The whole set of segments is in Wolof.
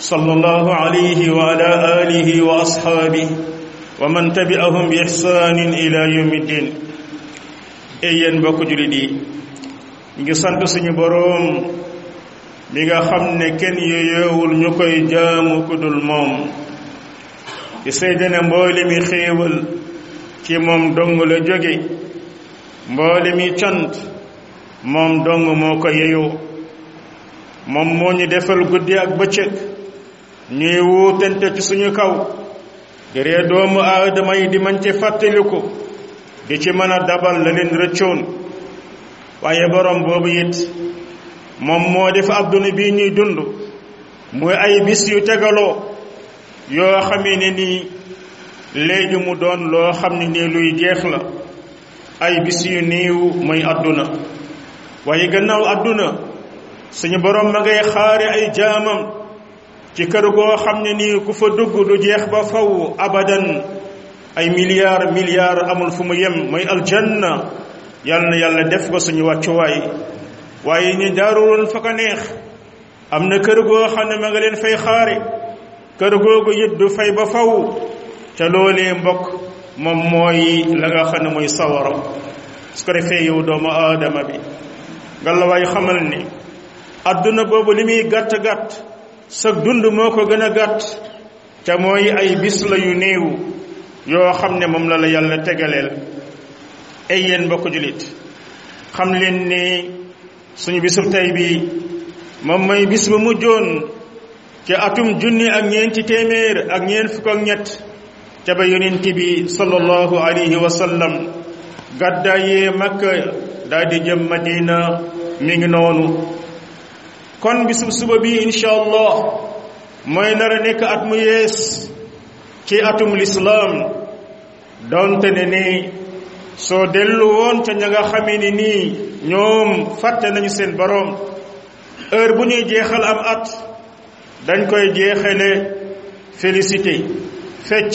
صلى الله عليه وعلى آله وأصحابه ومن تبعهم بإحسان إلى يوم الدين أيًا بكجل دي نيغي سانت سيني بروم ليغا خامني كين يويول نيوكاي جامو كودول موم دي سيدنا مبولي مي خيوول تي موم دونغ لا جوغي مبولي مي تشانت موم دونغ موكو ييو موم موني ديفال غودي اك بچك ñuy wuutante ci suñu kaw jëree doomu aadama yi di man ci fàttaliku di ci mën a dabal la leen rëccoon waaye borom boobu it moom moo def adduna bi ñuy dund muy ay bis yu tegaloo yoo xamee ni nii léegi mu doon loo xam ne nii luy jeex la ay bis yu néew mooy adduna waaye gannaaw adduna suñu borom ma ngay xaare ay jaamam ci kër goo xam ne nii ku fa dugg du jeex ba faw abadan ay milliards milliards amul fu mu yem mooy aljanna yàlla yàlla def ko suñu wàccuwaay waaye ñu jaaruloon fa ko neex am na kër goo xam ne ma nga leen fay xaare kër googu it du fay ba faw te loolee mbokk moom mooy la nga xam ne mooy sawara su ko defee yow doomu aadama bi nga la waay xamal ni adduna boobu li muy gàtt-gàtt sëg dund moo ko gën a gàtt ca mooy ay bis la yu néew yoo xam ne moom la la yàlla tegaleel ay yéen mbokk julit xam leen ne suñu bisub tey bii moom mooy bis bu mujjoon ca atum junni ak ñeenti téeméer ak ñeen fukk ak ñett ca ba yonent bi salallahu alayhi wa sallam gàddaayee makka daa di jëm madina mi ngi noonu kon bisu suba bi inshallah allah nara nek at mu yes ci atum l'islam donte ne ni so delu won ci nga xamini ni nii ñoom nañu seen borom heure bu ñuy jéxal am at dañ koy jeexale félicité fecc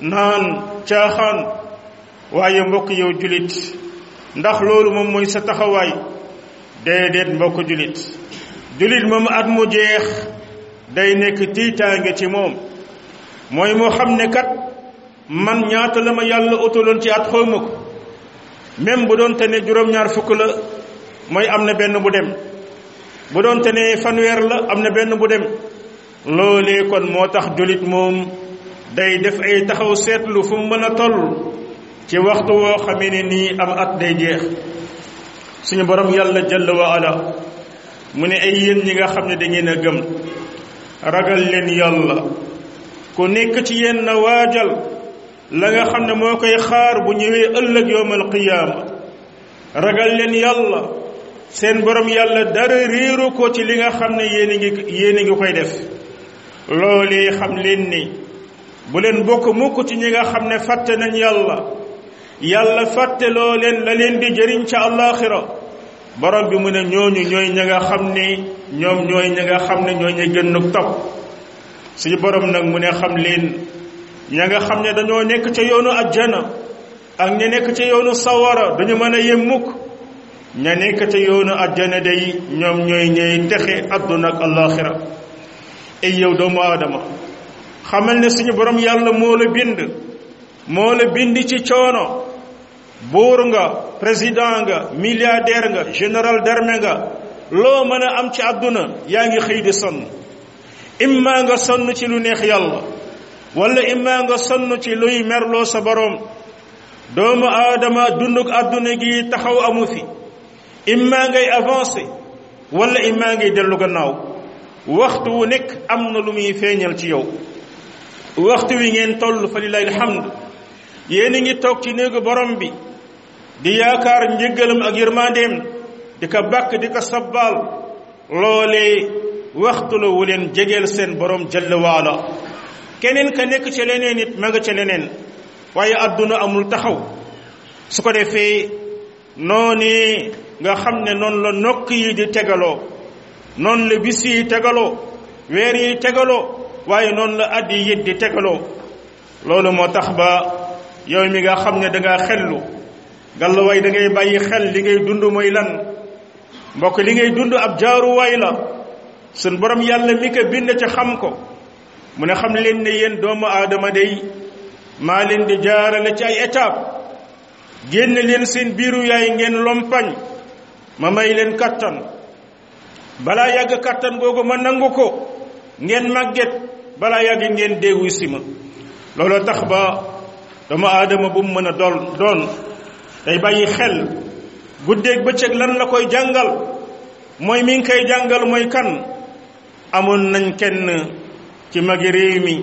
naan chaxan waye mbokk yow julit ndax loolu moom mooy sa taxawaay déedéet mbokk julit jullit moom at mu jeex day nekk tiitaange ci moom mooy moo xam ne kat man ñaata la ma yàlla utaloon ci at xawma ko même bu doon ne juróom-ñaar fukk la mooy am na benn bu dem bu doonte ne fanweer la am na benn bu dem loolee kon moo tax jullit moom day def ay taxaw seetlu fu mën a toll ci waxtu woo xamee ne nii am at day jeex suñu boroom yàlla jël wa mu ne ay yéen ñi nga xam ne dangeen a gëm ragal leen yàlla ku nekk ci yéen na waajal la nga xam ne moo koy xaar bu ñëwee ëllëg yowmal qiyaama ragal leen yàlla seen boroom yàlla dara réeru ko ci li nga xam ne yéen ngi yéen a ngi koy def loolee xam leen ni bu leen bokk mukk ci ñi nga xam ne fàtte nañ yàlla yàlla fàtte loo leen la leen di jëriñ ca àllaaxira borom bi mu ne ñooñu ñooy ña nga xam ni ñoom ñooy ña nga xam ne ñooy ña gënnu topp suñu borom nag mu ne xam leen ña nga xam ne dañoo nekk ca yoonu ajjana ak ña nekk ca yoonu sawara duñu mën a yem mukk ña nekk ca yoonu ajjana day ñoom ñooy ñay texe adduna ak alaxira ay yow doomu aadama xamal ne suñu borom yàlla moo la bind moo la bind ci coono buur nga président nga milliardaire nga général d'armée nga loo mën a am ci àdduna yaa ngi xëy di sonn imma nga sonn ci lu neex yàlla walla imma nga sonn ci luy merloo sa boroom doomu aadama dund àdduna gi taxaw amu fi imma ngay avancé wala imma ngay dellu gannaaw waxtu wu nekk am na lu muy feeñal ci yow waxtu wi ngeen tollu fa lillahi alhamd yéen ngi toog ci néegu borom bi di yaakaar njëggalam ak yërmandeem di ko bàkk di ko sabbaal loole waxtu la wu leen jegeel seen borom jëllewaala keneen ka nekk ca leneen it ma nga ca leneen waaye àdduna amul taxaw su ko defee noonu nga xam ne noonu la nokk yi di tegaloo noonu la bis yi tegaloo weer yi tegaloo waaye noonu la addi yit di tegaloo loolu moo tax ba yow mi nga xam ne da ngaa xellu gàlluwaay da ngay bàyyi xel li ngay dund mooy lan mbokk li ngay dund ab jaaruwaay la sun borom yàlla mi ko bind ca xam ko mu ne xam leen ne yéen doomu aadama day maa leen di jaarale ci ay étape génn leen seen biiru yaay ngeen lompañ ma may leen kattan balaa yàgg kattan googu ma nangu ko ngeen màgget balaa yàgg ngeen déggu si ma looloo tax ba doomu aadama bu mu mën a doon doon day bàyyi xel guddeeg bëccëg lan la koy jàngal mooy mi ngi koy jàngal mooy kan amoon nañ kenn ci magi réew mi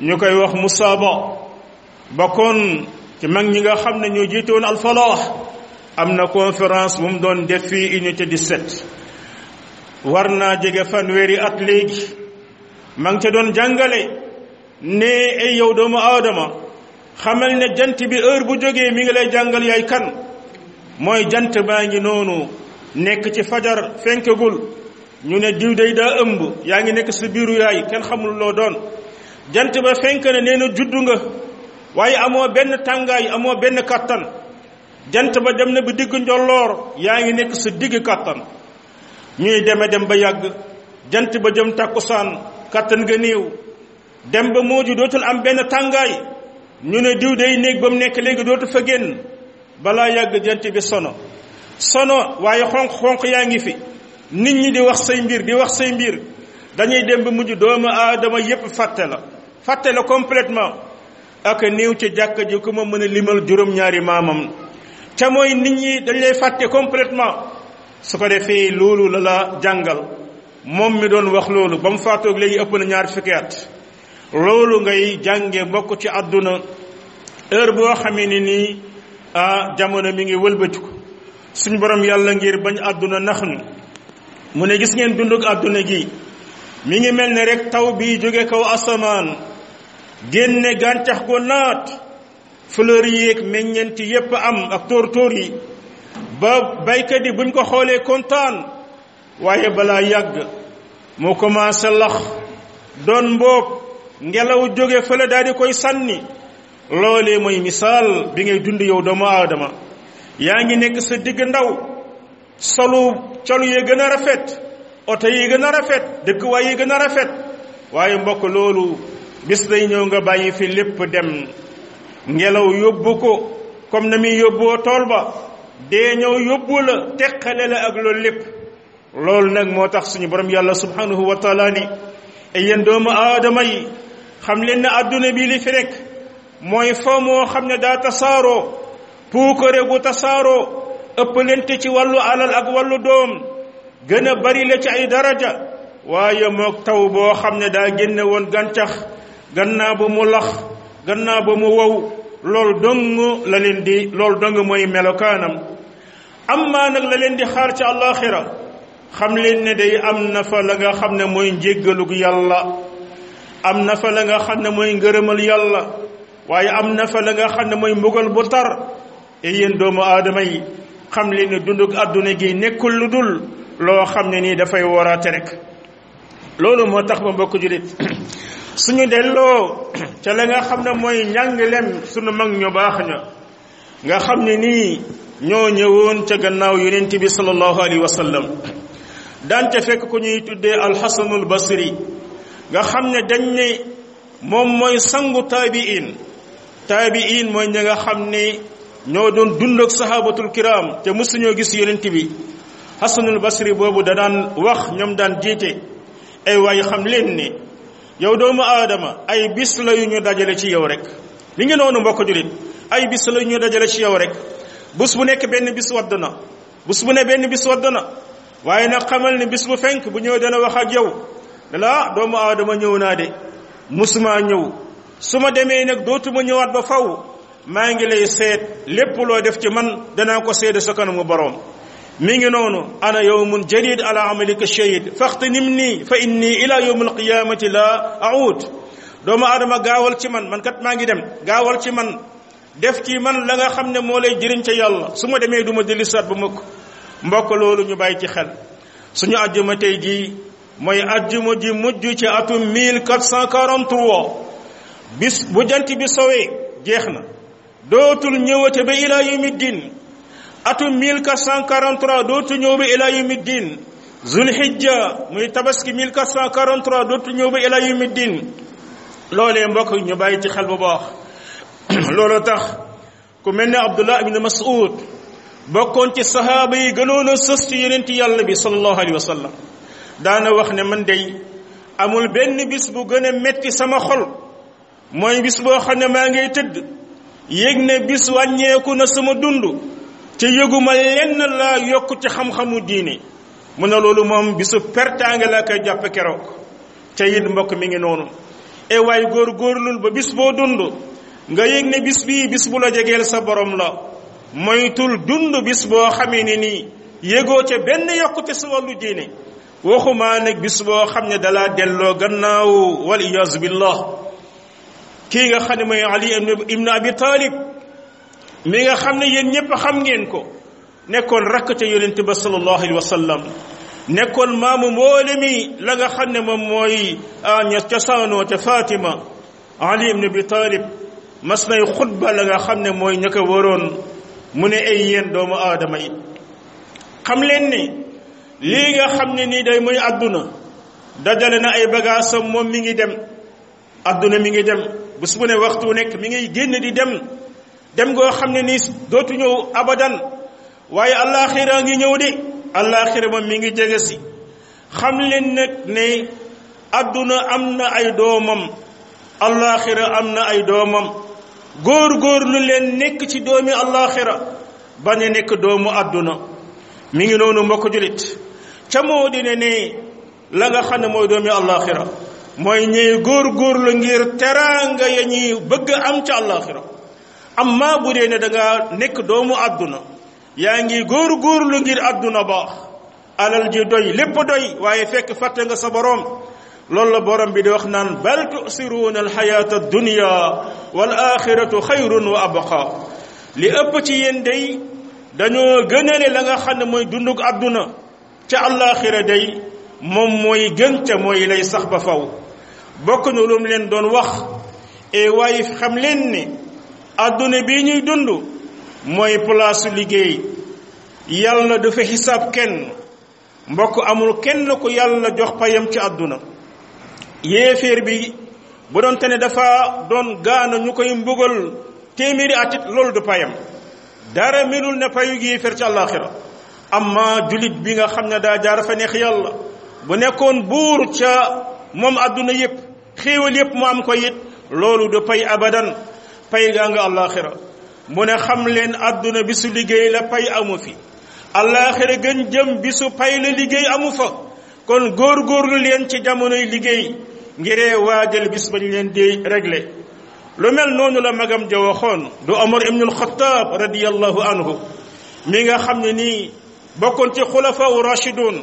ñu koy wax musaba bokkoon ci mag ñi nga xam ne ñoo jiitoon alfalaax am na conférence bu mu doon def fii unité dix sept war naa jege fanweeri at léegi ma ngi ca doon jàngale ne ay yow doomu aadama xamal ne jant bi heure bu jógee mi ngi lay jàngal yaay kan mooy jant baa ngi noonu nekk ci fajar fenkagul ñu ne diw day daa ëmb yaa ngi nekk sa biiru yaay kenn xamul loo doon jant ba fenk ne nee na juddu nga waaye amoo benn tàngaay amoo benn kàttan jant ba dem na ba digg njolloor yaa ngi nekk sa digg kàttan ñuy deme dem ba yàgg jant ba jëm tàkkusaan kàttan ga néew dem ba mooju dootul am benn tàngaay ñu ne diw day néeg ba mu nekk léegi dootu fa génn balaa yàgg jant bi sono sono waaye xonq xonq yaa ngi fi nit ñi di wax say mbir di wax say mbir dañuy dem ba mujj doomu aadama yépp fàtte la fàtte la completement ak néew ci jàkka ji ku ma mën limal juróom-ñaari maamam ca mooy nit ñi dañ lay fàtte completement su ko defee loolu la la jàngal moom mi doon wax loolu ba mu faatoog léegi ëpp na ñaar fukki loolu ngay jànge mbokk ci àdduna heure boo xamee ni nii ah jamono mi ngi wëlbatiku suñu borom yàlla ngir bañ àdduna nax nu mu ne gis ngeen dunduk àdduna gi mi ngi mel ni rekk taw bi jóge kaw asamaan génne gàncax gu naat fleur yeeg meññeent yépp am ak tóor-tóor yi ba baykat yi buñ ko xoolee kontaan waaye balaa yàgg mu commencé lax doon mboob ngelaw jóge fële daal di koy sànni loolee mooy misaal bi ngay dund yow doomu aadama yaa ngi nekk sa digg ndaw solu calu yee gën a rafet oto yi gën a rafet dëkkuwaay yi gën a rafet waaye mbokk loolu bis day ñëw nga bàyyi fi lépp dem ngelaw yóbbu ko comme na muy yóbboo tool ba dee ñëw yóbbu la teqale la ak loolu lépp loolu nag moo tax suñu borom yàlla subhanahu wa taala doomu aadama yi xam leen ne àdduna bi li fi rek mooy fa moo xam ne daa tasaaroo puukare gu tasaaroo ëppalante ci wàllu alal ak wàllu doom gën a bari la ci ay daraja waaye moog taw boo xam ne daa génne woon gàncax gannaaw ba mu lax gannaaw ba mu wow loolu dong la leen di loolu dong mooy melokaanam amma nag la leen di xaar ci àllaaxira xam leen ne am na la nga xam ne mooy njéggalug yàlla am na fa la nga xam ne mooy ngërëmal yàlla waaye am na fa la nga xam ne mooy mbugal bu tar e yéen doomu aadama yi xam leen ne dunduk àdduna gi nekkul lu dul loo xam ne nii dafay waraate rekk loolu moo tax ma mbokk julit suñu delloo ca la nga xam ne mooy njànglem suñu mag ñu baax ña nga xam ne nii ñoo ñëwoon ca gannaaw yonent bi sallallahu alayhi wa sallam daan ca fekk ko ñuy tuddee alxasanul basri nga xam ne dañ ne moom mooy sangu taabiin taabiin mooy ñi nga xam ne ñoo doon dund ak sahabatul kiram te ñoo gis yonent bi hasanul basri boobu da daan wax ñoom daan jiite ay waaye xam leen ne yow doomu aadama ay bis la yu ñu dajale ci yow rek li ngeen noonu mbokk julit ay bis la yu ñu dajale ci yow rek bés bu nekk benn bis wadd na bés bu ne benn bis wadd na waaye nag xamal ne bis bu fenk bu ñëw dana wax ak yow ne doomu aadama ñëw naa de musuma ñëw su ma demee nag dootuma ñëwaat ba faw maa ngi lay seet lépp loo def ci man danaa ko seede sa kanamu boroom mi ngi noonu ana yawmun jadid ala amalika shahid faxtanim nii fa inni ila yawm alqiyamati la aud doomu adama gaawal ci man man kat maa ngi dem gaawal ci man def ci man la nga xam ne moo lay jëriñ ca yàlla su ma demee du ma dellisaat ba mukk mbokk loolu ñu bàyyi ci xel suñu àjjuma tey jii moy ajjuma ji mujju ci atum 1443 bis bu jant bi sowe jeexna na dootul ñëwate be ila yumi atum 1443 dootul ñëw be ila yumi zulhijja moy tabaski 1443 dootul ñëw be ila yumi lolé mbokk ñu bàyyi ci xel bu bax lolo tax ku melni abdullah ibn mas'ud bokkoon ci sahaaba yi gënoon a sës ci yàlla bi sallallahu alayhi wasallam daana wax ne man dey amul benn bis bu gën a metti sama xol mooy bis boo xam ne maa ngiy tëdd yéeg ne bis wàññeeku na sama dund ci yëguma lenn laa yokk ci xam-xamu diine mën na loolu moom bisu pertaange laa koy jàpp keroog ca it mbokk mi ngi noonu e waay góor góorlul ba bis boo dund nga yëg ne bis bii bis bu la jegeel sa borom la moytul dund bis boo xamee ne nii yëgoo ca benn yokkute sa wàllu diine waxuma nag bis boo xam ne dalaa delloo gannaaw wal iyaz billah ki nga xam ne mooy ali ibn abi talib mi nga xam ne yéen ñëpp xam ngeen ko nekkoon rakk ca yonente ba sallallahu alayhi wa sallam nekkoon maamu mboole mi la nga xam ne moom mooy ña cosaanoo ca fatima ali ibn abi talib mas nay xutba la nga xam ne mooy ña ko waroon mu ne ay yéen doomu aadama yi xam leen ni lii nga xam ne nii day muy àdduna dajale na ay bagaasam moom mi ngi dem àdduna mi ngi dem bés bu ne waxtu nekk mi ngi génn di dem dem goo xam ne nii dootu ñëw abadan waaye allaaxira ngi ñëw di allaaxira moom mi ngi jege si xam leen nag ne àdduna am na ay doomam allaaxira am na ay doomam góor góor lu leen nekk ci doomi allaaxira ba ne nekk doomu àdduna mi ngi noonu mbokk julit ca moo di ne ne la nga xam ne mooy doomi àllaaxira mooy ñuy góor góorlu ngir teraanga ya ñuy bëgg am ca àllaaxira amma bu dee ne da nekk doomu àdduna yaa ngi góor góorlu ngir àdduna baax alal ji doy lépp doy waaye fekk fàtte nga sa boroom loolu la borom bi di wax naan bal tusiruuna alxayaata dunya wal axiratu xayrun wa abqa li ëpp ci yéen day dañoo gënale la nga xam ne mooy dundug àdduna ca àllaaxira day moom mooy gën ca mooy lay sax ba faw bokk na lu leen doon wax e waaye xam leen ne àdduna bi ñuy dund mooy palaasu liggéey yàlla du fa xisaab kenn mbokk amul kenn ku yàlla jox payam ci àdduna yéeféer bi bu doon te ne dafa doon gaana ñu koy mbugal téeméeri atit loolu du payam dara melul ne payu gi fer ci àllaaxira amma julit bi nga xam ne daa jaar fa neex yàlla bu nekkoon buur ca moom àdduna yëpp xéewal yëpp mu am ko it loolu du pay abadan pay gaa nga àllaaxira mu ne xam leen àdduna bi su liggéey la pay amu fi àllaaxira gën jëm bisu pay la liggéey amu fa kon góor góorlu leen ci jamonoy liggéey ngiree bi su bañ leen di réglé lu mel noonu la magam ja waxoon du Omar ibnul Xataab radiyallahu anhu mi nga xam ne nii bokkoon ci xulafa u rashidun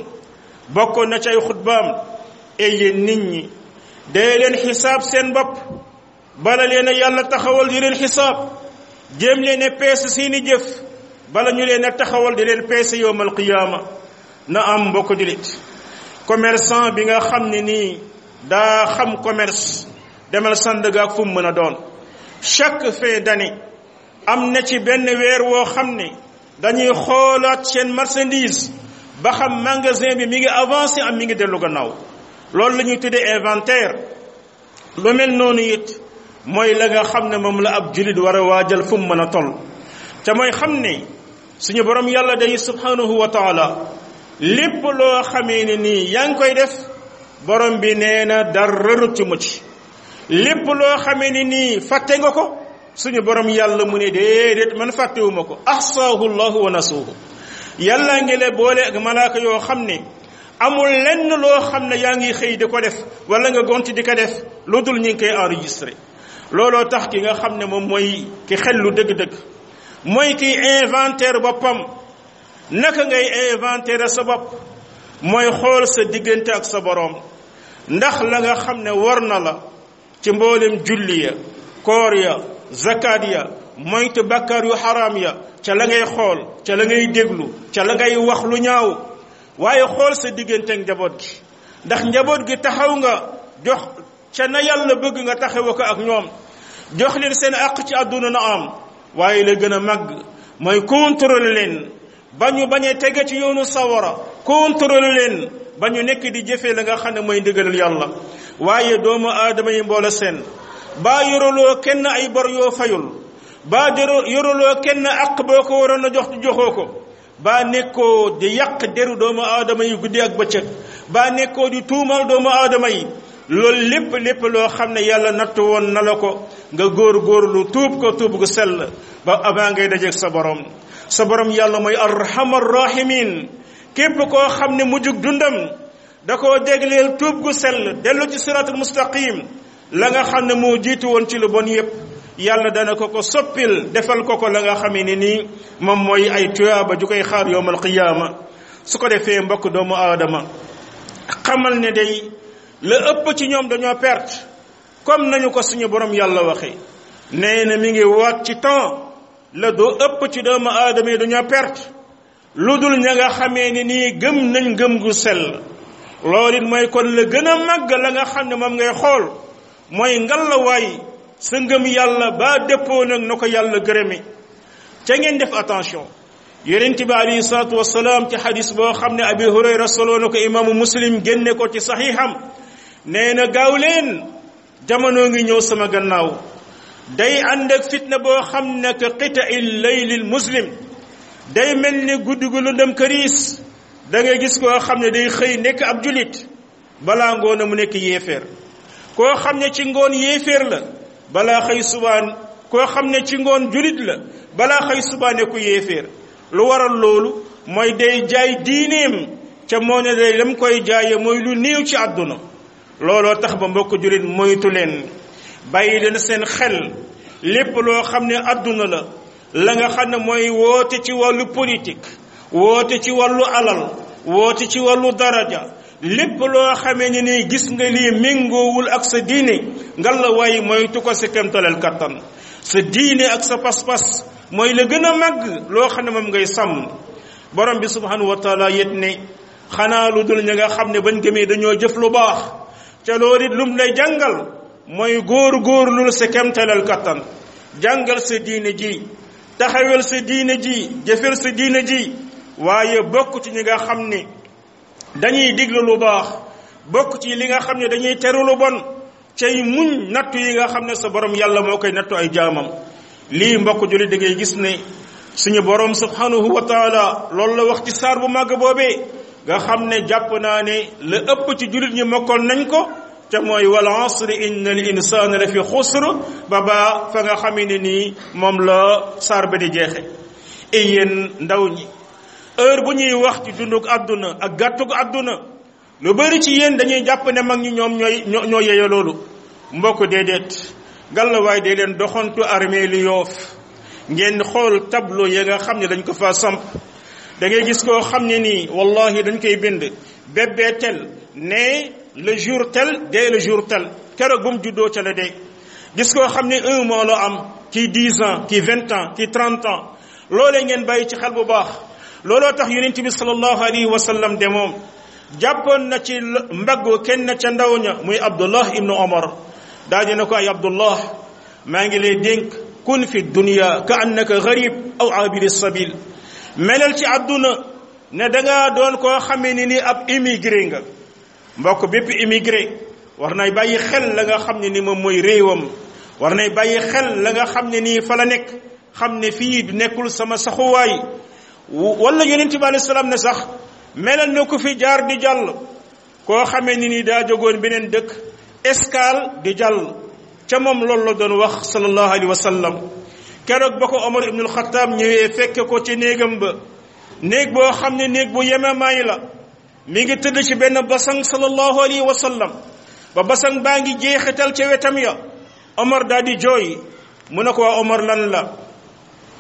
bokkoon na ci ay xutbaam e yéen nit ñi day leen xisaab seen bopp bala leen a yàlla taxawal di leen xisaab jéem leen a peese seeni jëf bala ñu leen taxawal di leen peese yowmal qiyaama na am mbokk jullit commerçant bi nga xam ne nii daa xam commerce demal Sandaga ak fu mu mën a doon chaque fin d'année am na ci benn weer woo xam ne dañuy xoolaat seen marchandise ba xam magasin bi mi ngi avancé am mi ngi dellu gannaaw loolu la ñuy tëddee inventaire lu mel noonu it mooy la nga xam ne moom la ab jullit war a jël fu mu mën a toll te mooy xam ne suñu borom yàlla day subhanahu wa taala lépp loo xamee ne nii yaa ngi koy def borom bi nee na dara rëcc mu ci lépp loo xamee ni nii fàtte nga ko suñu borom yàlla mu ne déedéet man fàttewuma ko ahsaahu llahu wa nasuuhu yàllaa ngi la boole ak malaaka yoo xam ne amul lenn loo xam ne yaa ngi xëy di ko def wala nga gont di ko def lu dul ñu ngi koy enregistré looloo tax ki nga xam ne moom mooy ki xel lu dëgg-dëgg mooy kiy inventaire boppam naka ngay inventaire sa bopp mooy xool sa diggante ak sa boroom ndax la nga xam ne war na la ci mboolem julli ya koor ya zakaat ya moytu bàkkaar yu xaraam ya ca la ngay xool ca la ngay déglu ca la ngay wax lu ñaaw waaye xool sa diggante njaboot gi ndax njaboot gi taxaw nga jox ca na yàlla bëgg nga taxawa ko ak ñoom jox leen seen àq ci àdduna na am waaye la gën a màgg mooy contrôle leen ba ñu bañ a tege ci yoonu sawara contrôle leen ba ñu nekk di jëfee la nga xam ne mooy ndigalal yàlla waaye doomu aadama yi mboola seen baa yoraloo kenn ay bor yoo fayul baa yoraloo kenn ak boo ko waroon a jox joxoo ko baa nekkoo di yàq deru doomu aadama yi guddi ak bëccëg baa nekkoo di tuumal doomu aadama yi lool lépp lépp loo xam ne yàlla natt woon na la ko nga góor lu tuub ko tuub gu sell ba avant ngay dajeeg sa borom sa borom yàlla mooy arhamar rahimin képp koo xam ne mujjug dundam da koo dégleel tuub gu sell dellu ci siraatul mustaqim la nga xam ne moo jiitu woon ci lu bon yépp yàlla dana ko ko soppil defal ko ko la nga xamee ne nii moom mooy ay tuyaaba ju koy xaar yowmal qiyaama su ko defee mbokk doomu adama xamal ne day la ëpp ci ñoom dañoo perte comme nañu ko suñu borom yàlla waxe nee na mi ngi waat ci temps la doo ëpp ci doomu aadama yi dañoo perte lu dul ña nga xamee ne nii gëm nañ gëm gu sell loolu it mooy kon la gën a màgg la nga xam ne moom ngay xool mooy ngalawaay sa ngëm yàlla ba dëppoo nag na ko yàlla gërëmi ca ngeen def attention yonent bi alayhi salatu wasalaam ci xadis boo xam ne abi hurayra soloo na ko imaamu muslim génne ko ci saxiixam nee na gaaw leen jamono ngi ñëw sama gannaaw day ànd ak fitna boo xam ne ka qita il laylil muslim day mel ni guddi gu lëndëm këriis da ngay gis koo xam ne day xëy nekk ab julit balaa ngoon a mu nekk yéeféer koo xam ne ci ngoon yéeféer la balaa xëy subaan koo xam ne ci ngoon julit la balaa xëy subaa nekku yéeféer lu waral loolu mooy day jaay diineem ca moo ne day lam koy jaaye mooy lu néew ci àdduna looloo tax ba mbokk julit moytu leen bàyyi leen seen xel lépp loo xam ne àdduna la la nga xam ne mooy woote ci wàllu politique woote ci wàllu alal woote ci wàllu daraja lépp loo xamee ni nii gis nga lii méngoowul ak sa diine ngal la waaye moytu ko si kemtaleel kattan sa diine ak sa pas-pas mooy la gën a màgg loo xam ne moom ngay sàmm borom bi subhanahu wa taala yét ne xanaa lu dul nga xam ne bañ gëmee dañoo jëf lu baax ca loolu it lum lay jàngal mooy góor góor lul sa kemtaleel kattan jàngal sa diine ji taxawel sa diine ji jëfel sa diine ji waaye bokk ci ñi nga xam ni dañuy diglu lu baax bokk ci li nga xam ne dañuy teru lu bon cay muñ nattu yi nga xam ne sa borom yàlla moo koy nattu ay jaamam lii mbokk jullit da gis ne suñu borom subhanahu wa taala loolu la wax ci saar bu màgg boobee nga xam ne jàpp naa ne la ëpp ci jullit ñi mokkoon nañ ko te mooy wal asri inna al insana la fi xusr ba baa fa nga xamee nii moom la saar ba di jeexe yéen ndaw ñi heure bu ñuy wax ci dunduk àdduna ak gàttuk àdduna lu bëri ci yéen dañuy jàpp ne mag ñi ñoom ñooy ñoo yeyo loolu mbokk déedéet waaye dee leen doxantu armée li yoof ngeen xool tableau ya nga xam ne dañ ko fa samp da ngay gis koo xam ne nii wallahi dañ koy bind bébé tel ne le jour tel dès le jour tel keroog bu mu juddoo ca la dee gis koo xam ne un mois la am kii dix ans kii vingt ans kii trente ans loolee ngeen bàyyi ci xel bu baax lolo tax yonent bi sallallahu alayhi wa sallam de moom na ci mbaggu ken na ci ndawña muy abdullah ibn umar daaji nako ay abdullah ma ngi lay dénk kun fi dunya ka annaka gharib aw abiri sabil melal ci aduna ne da nga don ko xamni ni ab immigré nga mbokk bépp immigré war nay bàyyi xel la nga xamni ni mom moy rewam war nay bàyyi xel la nga xamni ni fa la nek xam fi fii nekkul sama saxuwaay wala yonent bi alayhi salaam ne sax melal na ku fi jaar di jàll koo xamee ni nii daa jógoon beneen dëkk escale di jàll ca moom loolu la doon wax sallallahu alayhi wa sallam keroog ba ko Omar ibnul Xattaab ñëwee fekke ko ci néegam ba néeg boo xam ne néeg bu yemamaay la mi ngi tëdd ci benn basang sallallahu alayhi wa sallam ba basang baa ngi tal ca wetam ya Omar daal di jooy mu ne ko waa Omar lan la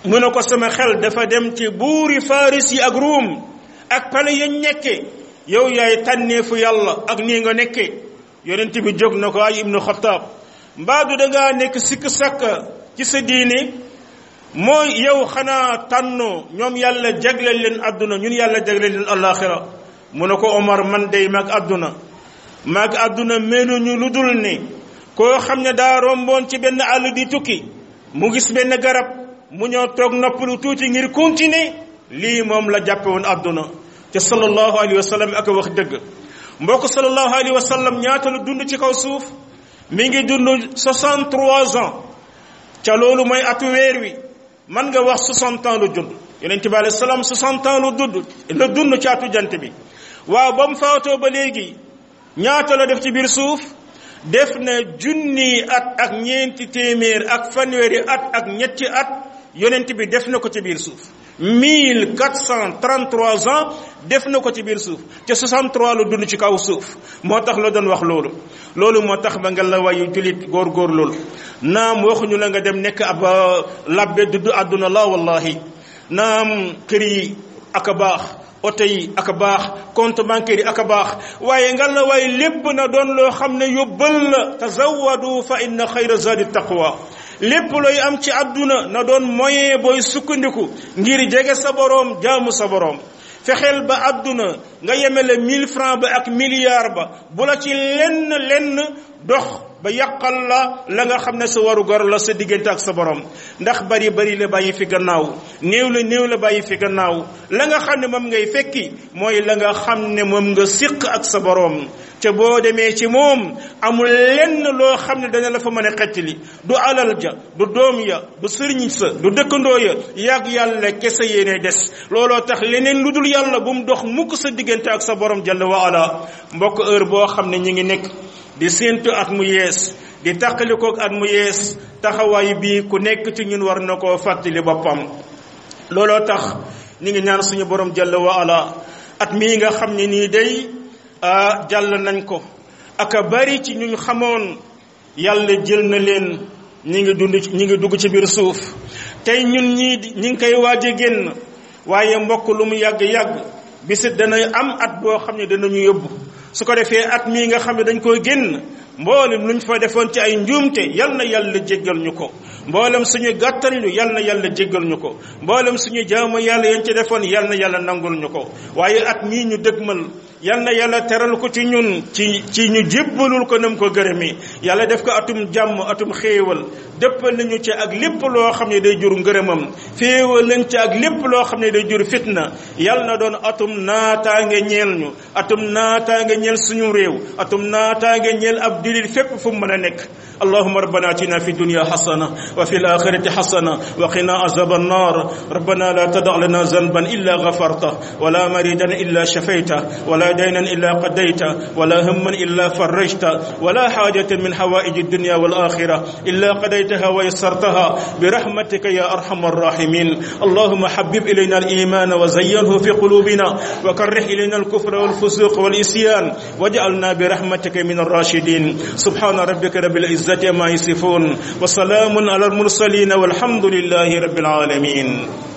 mu ne ko sama xel dafa dem ci buuri faris yi ak ruum ak pale yañ nekke yow yaay tànneefu yàlla ak nii nga nekke yonent bi jóg na ko ay ibnu xataab mbaadu da danga nekk sikk sàkk ci sa diine mooy yow xanaa tànn ñoom yàlla jagleel leen àdduna ñun yàlla jagleel leen alaxira mu ne ko Omar man day mag àdduna mag àdduna meluñu lu dul ne koo xam ne daa romboon ci benn àll di tukki mu gis benn garab mu ñoo toog noppalu tuuti ngir continuer lii moom la jàppe woon àdduna te sallallahu alayhi wa sallam ak wax dëgg mbokk sallallahu alayhi wa sallam ñaata la dund ci kaw suuf mi ngi dund 63 ans ca loolu mooy atu weer wi man nga wax 60 ans lu dund yonente bi alayhi salaam 60 ans lu dund la dund ci atu jant bi waaw ba mu faatoo ba léegi ñaata la def ci biir suuf def na junni at ak ñeenti téeméer ak fanweeri at ak ñetti at yonent bi def na ko ci biir suuf 1433 ans def na ko ci biir suuf ci 63 dund ci kaw la wax loolu loolu moo ba nga la dem nekk ab euh, labbe dudd la wallahi naam kër yi oto yi ak baax compte bancaire yi ak baax waaye ngal na waaye lépp na doon loo xam ne yóbbal la tazawadu fa inna xayra zadi taqwa lépp looy am ci àdduna na doon moyen booy sukkandiku ngir jege sa borom jaamu sa borom fexel ba àdduna nga yemele mille franc ba ak milliard ba bu la ci lenn lenn dox ba yàqal la la nga xam ne sa waru gor la sa diggante ak sa borom ndax bari bari la bàyyi fi gannaaw néew la néew la bàyyi fi gannaaw la nga xam ne moom ngay fekki mooy la nga xam ne moom nga siq ak sa borom te boo demee ci moom amul lenn loo xam ne dana la fa mën a xettali du alal ja du doom ya du sëriñ sa du dëkkandoo ya yàgg yàlla kese yéene des looloo tax leneen lu dul yàlla bu mu dox mukk sa diggante ak sa borom jalla wa ala mbokk heure boo xam ne ñi ngi nekk di séentu at mu yees di taqalikoog at mu yees taxawaay bii ku nekk ci ñun war na koo fàttali boppam looloo tax ñu ngi ñaan suñu borom jàll wa ala at mii nga xam ne nii day jàll nañ ko aka bari ci ñun xamoon yàlla jël na leen ñi ngi dund ci ñu ngi dugg ci biir suuf tey ñun ñii ñu ngi koy waaj a génn waaye mbokk lu mu yàgg-yàgg bisit danay am at boo xam ne danañu yóbbu su ko defee at mii nga xam ne dañ koy génn mboolem luñ fa defoon ci ay njuumte yal na yàlla jéggal ñu ko mboolem suñu gàttal ñu yal na yàlla jéggal ñu ko mboolem suñu jaamu yàlla yañ ci defoon yal na yàlla nangul ñu ko waaye at mii ñu dëgmal yalla yàlla teral ko ci ñun ci ñu jébbalul ko nam ko gërëmi yàlla def ko atum jàmm atum xéewal dëppal nañu ci ak lépp loo xam ne day jur ngërëmam féewal nañ ci ak lépp loo xam ne day jur fitna yalla na doon atum naataange ñeel ñu atum naataange ñeel suñu réew atum naataange ñeel ab dilit fépp fu mën a nekk اللهم ربنا اتنا في الدنيا حسنه وفي الاخره حسنه وقنا عذاب النار ربنا لا تدع لنا ذنبا الا غفرته ولا مريدا الا شفيته ولا دينا إلا قديت ولا هما إلا فرجت ولا حاجة من حوائج الدنيا والآخرة إلا قديتها ويسرتها برحمتك يا أرحم الراحمين اللهم حبب إلينا الإيمان وزينه في قلوبنا وكره إلينا الكفر والفسوق والإسيان واجعلنا برحمتك من الراشدين سبحان ربك رب العزة ما يصفون وسلام على المرسلين والحمد لله رب العالمين